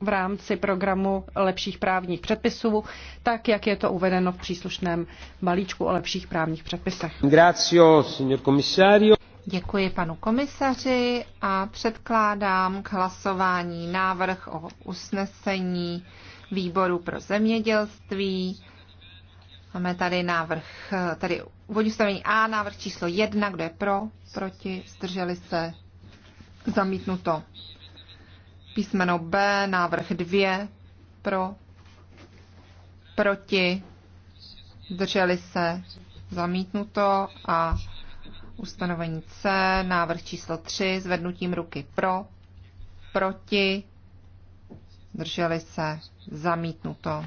v rámci programu lepších právních předpisů, tak jak je to uvedeno v příslušném balíčku o lepších právních předpisech. Grazie, signor commissario. Děkuji panu komisaři a předkládám k hlasování návrh o usnesení výboru pro zemědělství. Máme tady návrh, tady úvodní ustanovení A, návrh číslo 1, kdo je pro, proti, zdrželi se, zamítnuto. Písmeno B, návrh 2, pro, proti, zdrželi se, zamítnuto a Ustanovení C, návrh číslo 3, zvednutím ruky pro, proti, drželi se, zamítnuto.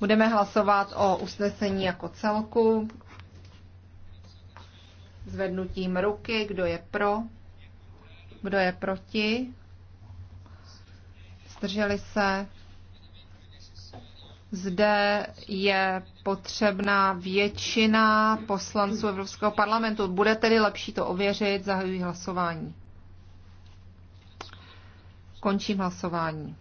Budeme hlasovat o usnesení jako celku. Zvednutím ruky, kdo je pro, kdo je proti, zdrželi se, zde je potřebná většina poslanců Evropského parlamentu. Bude tedy lepší to ověřit, zahajuji hlasování. Končím hlasování.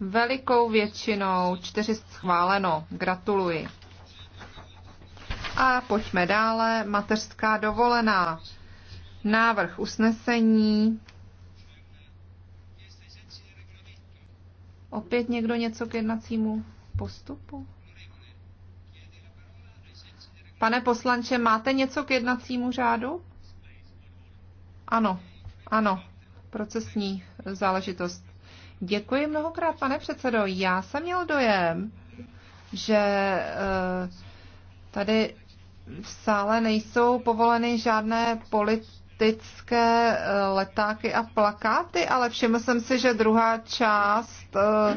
Velikou většinou čtyři schváleno. Gratuluji. A pojďme dále. Mateřská dovolená. Návrh usnesení. Opět někdo něco k jednacímu postupu? Pane poslanče, máte něco k jednacímu řádu? Ano, ano, procesní záležitost. Děkuji mnohokrát, pane předsedo. Já jsem měl dojem, že eh, tady v sále nejsou povoleny žádné politické politické eh, letáky a plakáty, ale všiml jsem si, že druhá část eh,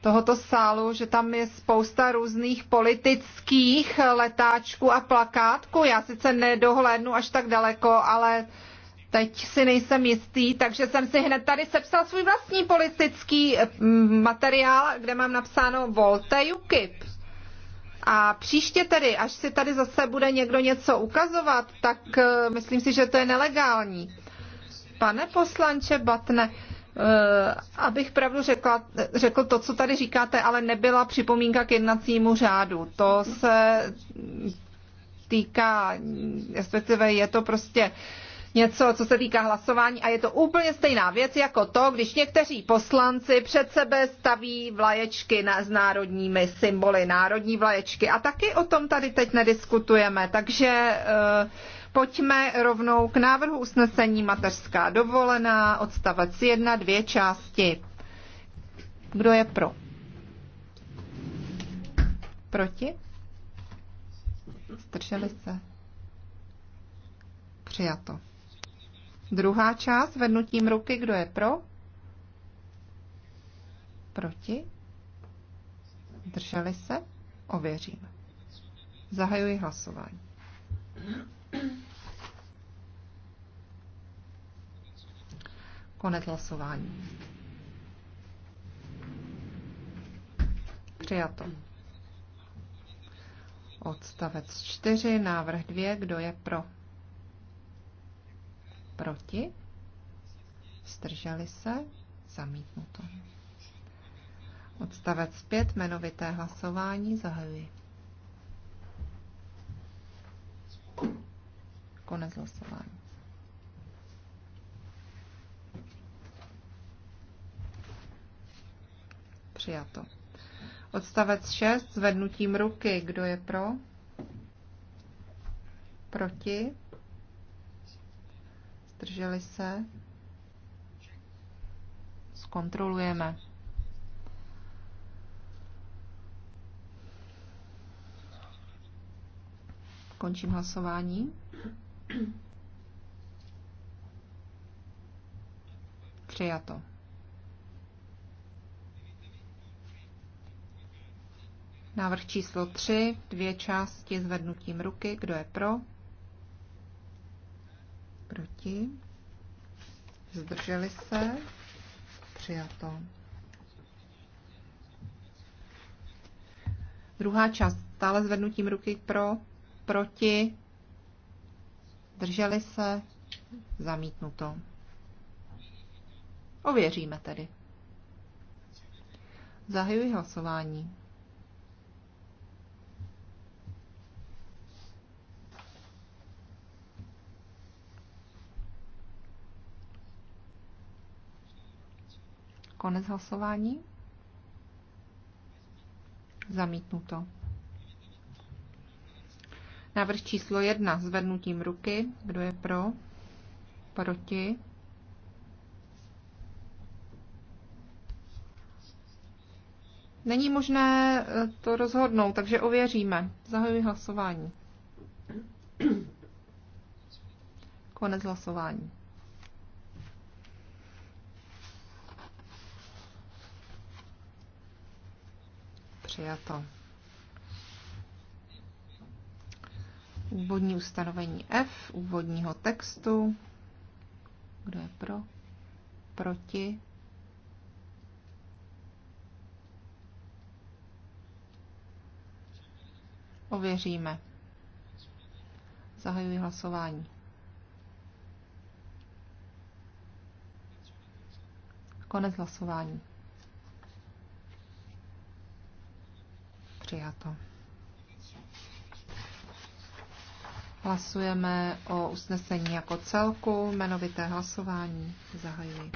tohoto sálu, že tam je spousta různých politických letáčků a plakátků. Já sice nedohlédnu až tak daleko, ale teď si nejsem jistý, takže jsem si hned tady sepsal svůj vlastní politický eh, materiál, kde mám napsáno Volte UKIP. A příště tedy, až si tady zase bude někdo něco ukazovat, tak eh, myslím si, že to je nelegální. Pane poslanče Batne, eh, abych pravdu řekla, eh, řekl to, co tady říkáte, ale nebyla připomínka k jednacímu řádu. To se týká, respektive je to prostě uh, něco, co se týká hlasování a je to úplně stejná věc jako to, když někteří poslanci před sebe staví vlaječky na, s národními symboly, národní vlaječky. A taky o tom tady teď nediskutujeme, takže uh, pojďme rovnou k návrhu usnesení mateřská dovolená, odstavec 1, dvě části. Kdo je pro? Proti? Zdrželi se? Přijato. Druhá část vednutím ruky, kdo je pro? Proti? Drželi se? Ověříme. Zahajuji hlasování. Konec hlasování. Přijato. Odstavec 4, návrh 2, kdo je pro? Proti? Zdrželi se? Zamítnuto. Odstavec 5. Jmenovité hlasování zahajuji. Konec hlasování. Přijato. Odstavec 6. Zvednutím ruky. Kdo je pro? Proti? zdrželi se, zkontrolujeme. Končím hlasování. Přijato. Návrh číslo 3, dvě části zvednutím ruky. Kdo je pro? Proti? Zdrželi se? Přijato. Druhá část. Stále zvednutím ruky pro, proti, zdrželi se, zamítnuto. Ověříme tedy. Zahajuji hlasování. Konec hlasování. Zamítnuto. Návrh číslo jedna zvednutím ruky. Kdo je pro? Proti? Není možné eh, to rozhodnout, takže ověříme. Zahajuji hlasování. Konec hlasování. Přijato. Úvodní ustanovení F úvodního textu. Kdo je pro? Proti? Ověříme. Zahajuji hlasování. Konec hlasování. Přijato. Hlasujeme o usnesení jako celku, jmenovité hlasování zahajuji.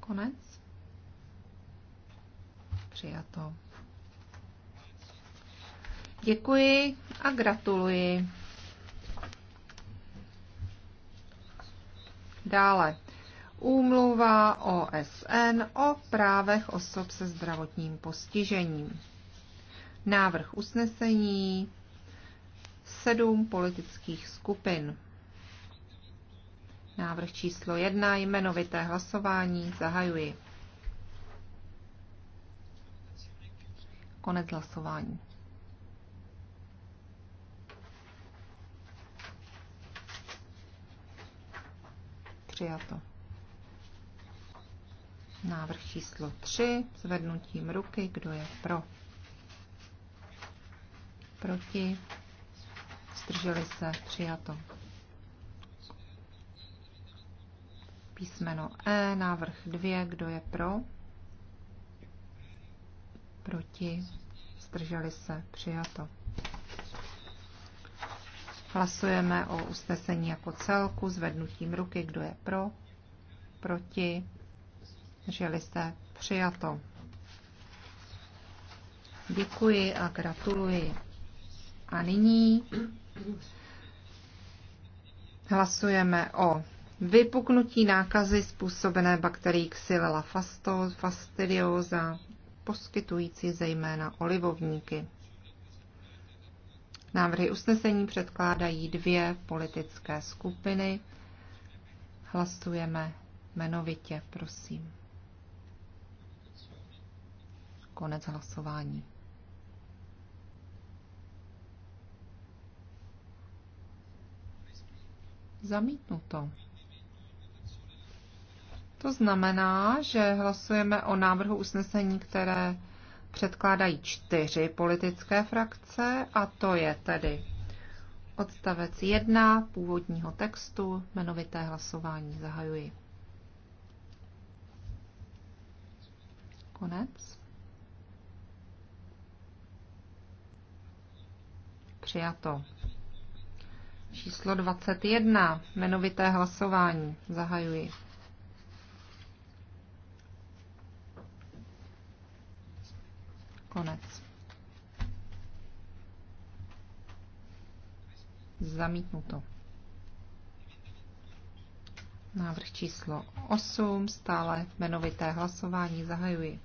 Konec. Přijato. Děkuji a gratuluji. Dále úmluva OSN o právech osob se zdravotním postižením. Návrh usnesení sedm politických skupin. Návrh číslo jedna jmenovité hlasování zahajuji. Konec hlasování. Přijato. Návrh číslo 3. Zvednutím ruky. Kdo je pro? Proti? Zdrželi se? Přijato. Písmeno E. Návrh 2. Kdo je pro? Proti? Zdrželi se? Přijato. Hlasujeme o usnesení jako celku zvednutím ruky, kdo je pro, proti, drželi jste přijato. Děkuji a gratuluji. A nyní hlasujeme o vypuknutí nákazy způsobené bakterií Xylella fastidiosa, poskytující zejména olivovníky. Návrhy usnesení předkládají dvě politické skupiny. Hlasujeme jmenovitě, prosím. Konec hlasování. Zamítnuto. To znamená, že hlasujeme o návrhu usnesení, které předkládají čtyři politické frakce a to je tedy odstavec 1 původního textu, jmenovité hlasování zahajuji. Konec. Přijato. Číslo 21, jmenovité hlasování zahajuji. Konec. Zamítnuto. Návrh číslo 8, stále jmenovité hlasování, zahajuji.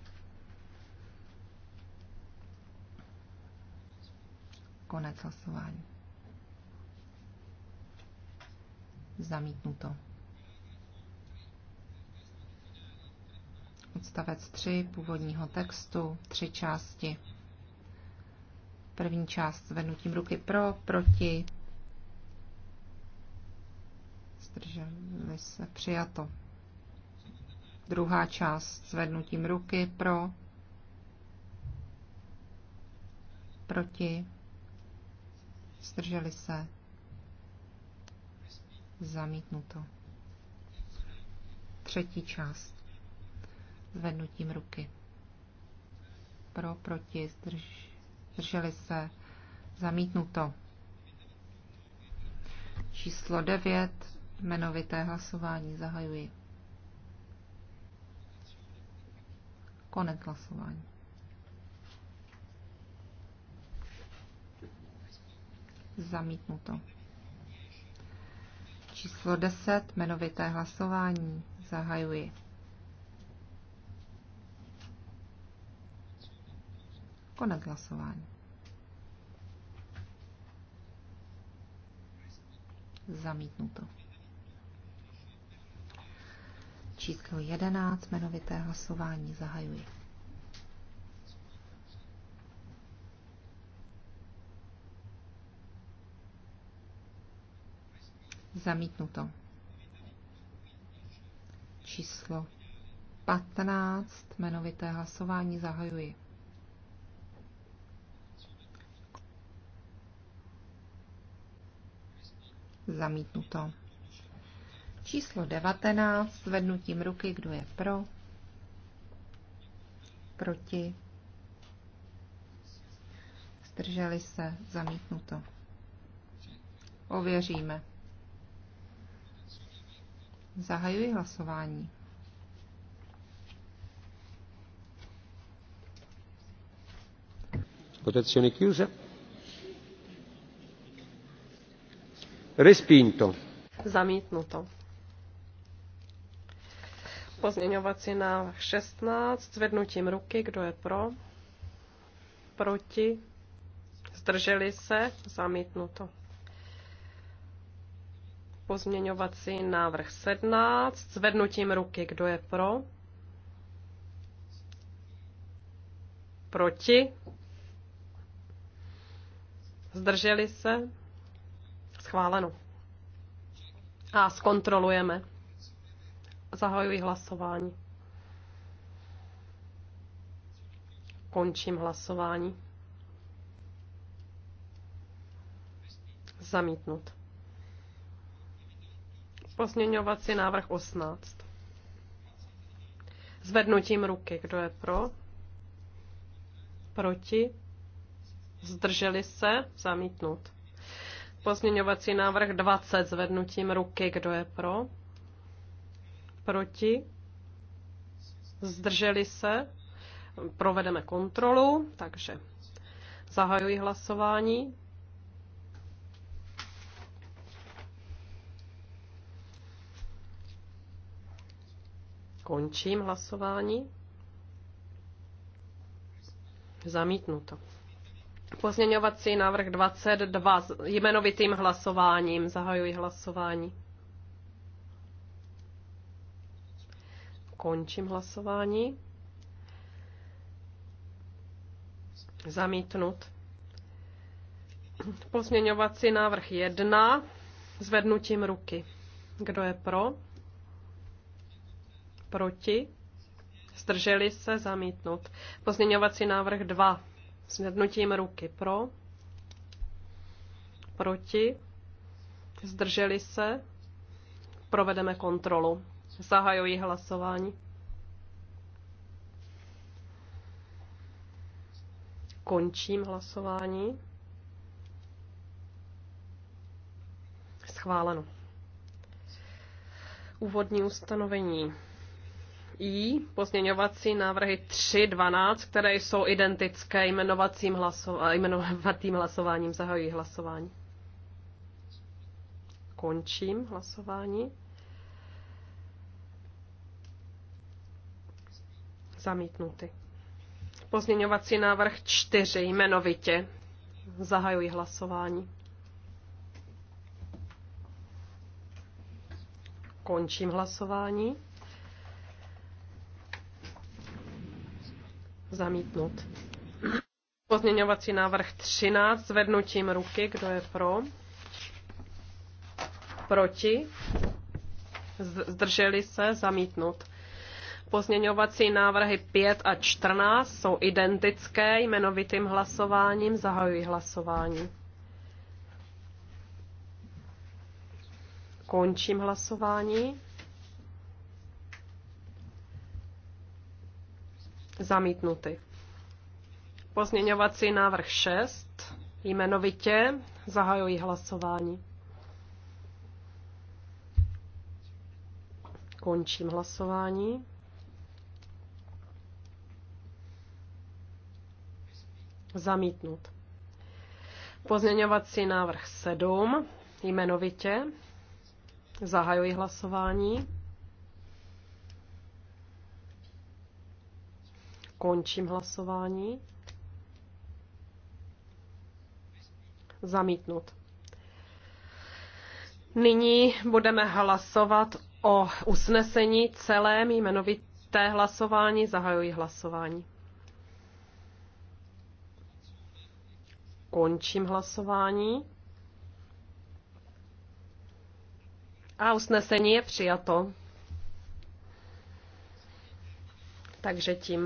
Konec hlasování. Zamítnuto. odstavec 3 původního textu, tři části. První část zvednutím ruky pro, proti, zdrželi se, přijato. Druhá část zvednutím ruky pro, proti, zdrželi se, zamítnuto. Třetí část zvednutím ruky. Pro, proti, zdrž, zdrželi se, zamítnuto. Číslo 9, jmenovité hlasování, zahajuji. Konec hlasování. Zamítnuto. Číslo 10, jmenovité hlasování, zahajuji. Konec hlasování. Zamítnuto. Číslo 11, jmenovité hlasování, zahajuji. Zamítnuto. Číslo 15, jmenovité hlasování, zahajuji. Zamítnuto. Číslo 19. Zvednutím ruky, kdo je pro? Proti? Zdrželi se? Zamítnuto. Ověříme. Zahajuji hlasování. Votazione chiusa. Respinto. Zamítnuto. Pozměňovací návrh 16, zvednutím ruky, kdo je pro, proti, zdrželi se, zamítnuto. Pozměňovací návrh 17, zvednutím ruky, kdo je pro, proti, zdrželi se, schváleno. A zkontrolujeme. Zahajuji hlasování. Končím hlasování. Zamítnut. Pozměňovací návrh 18. Zvednutím ruky. Kdo je pro? Proti? Zdrželi se? Zamítnut. Pozměňovací návrh 20 zvednutím ruky. Kdo je pro? Proti? Zdrželi se? Provedeme kontrolu, takže zahajuji hlasování. Končím hlasování. Zamítnuto. Pozměňovací návrh 22 s jmenovitým hlasováním. Zahajuji hlasování. Končím hlasování. Zamítnut. Pozměňovací návrh 1 zvednutím ruky. Kdo je pro? Proti? Zdrželi se? Zamítnut. Pozměňovací návrh 2. Zvednutím ruky pro, proti, zdrželi se, provedeme kontrolu. Zahajují hlasování. Končím hlasování. Schváleno. Úvodní ustanovení. I, pozměňovací návrhy 3, 12, které jsou identické jmenovacím hlasová, jmenovatým hlasováním. Zahajuji hlasování. Končím hlasování. Zamítnuty. Pozměňovací návrh 4 jmenovitě. Zahajuji hlasování. Končím hlasování. Zamítnut. Pozměňovací návrh 13 zvednutím ruky. Kdo je pro? Proti? Zdrželi se? Zamítnut. Pozměňovací návrhy 5 a 14 jsou identické jmenovitým hlasováním. Zahajuji hlasování. Končím hlasování. Zamítnuty. Pozměňovací návrh 6. Jmenovitě zahajují hlasování. Končím hlasování. Zamítnut. Pozměňovací návrh 7. Jmenovitě zahajují hlasování. Končím hlasování. Zamítnut. Nyní budeme hlasovat o usnesení celém jmenovité hlasování. Zahajuji hlasování. Končím hlasování. A usnesení je přijato. Takže tím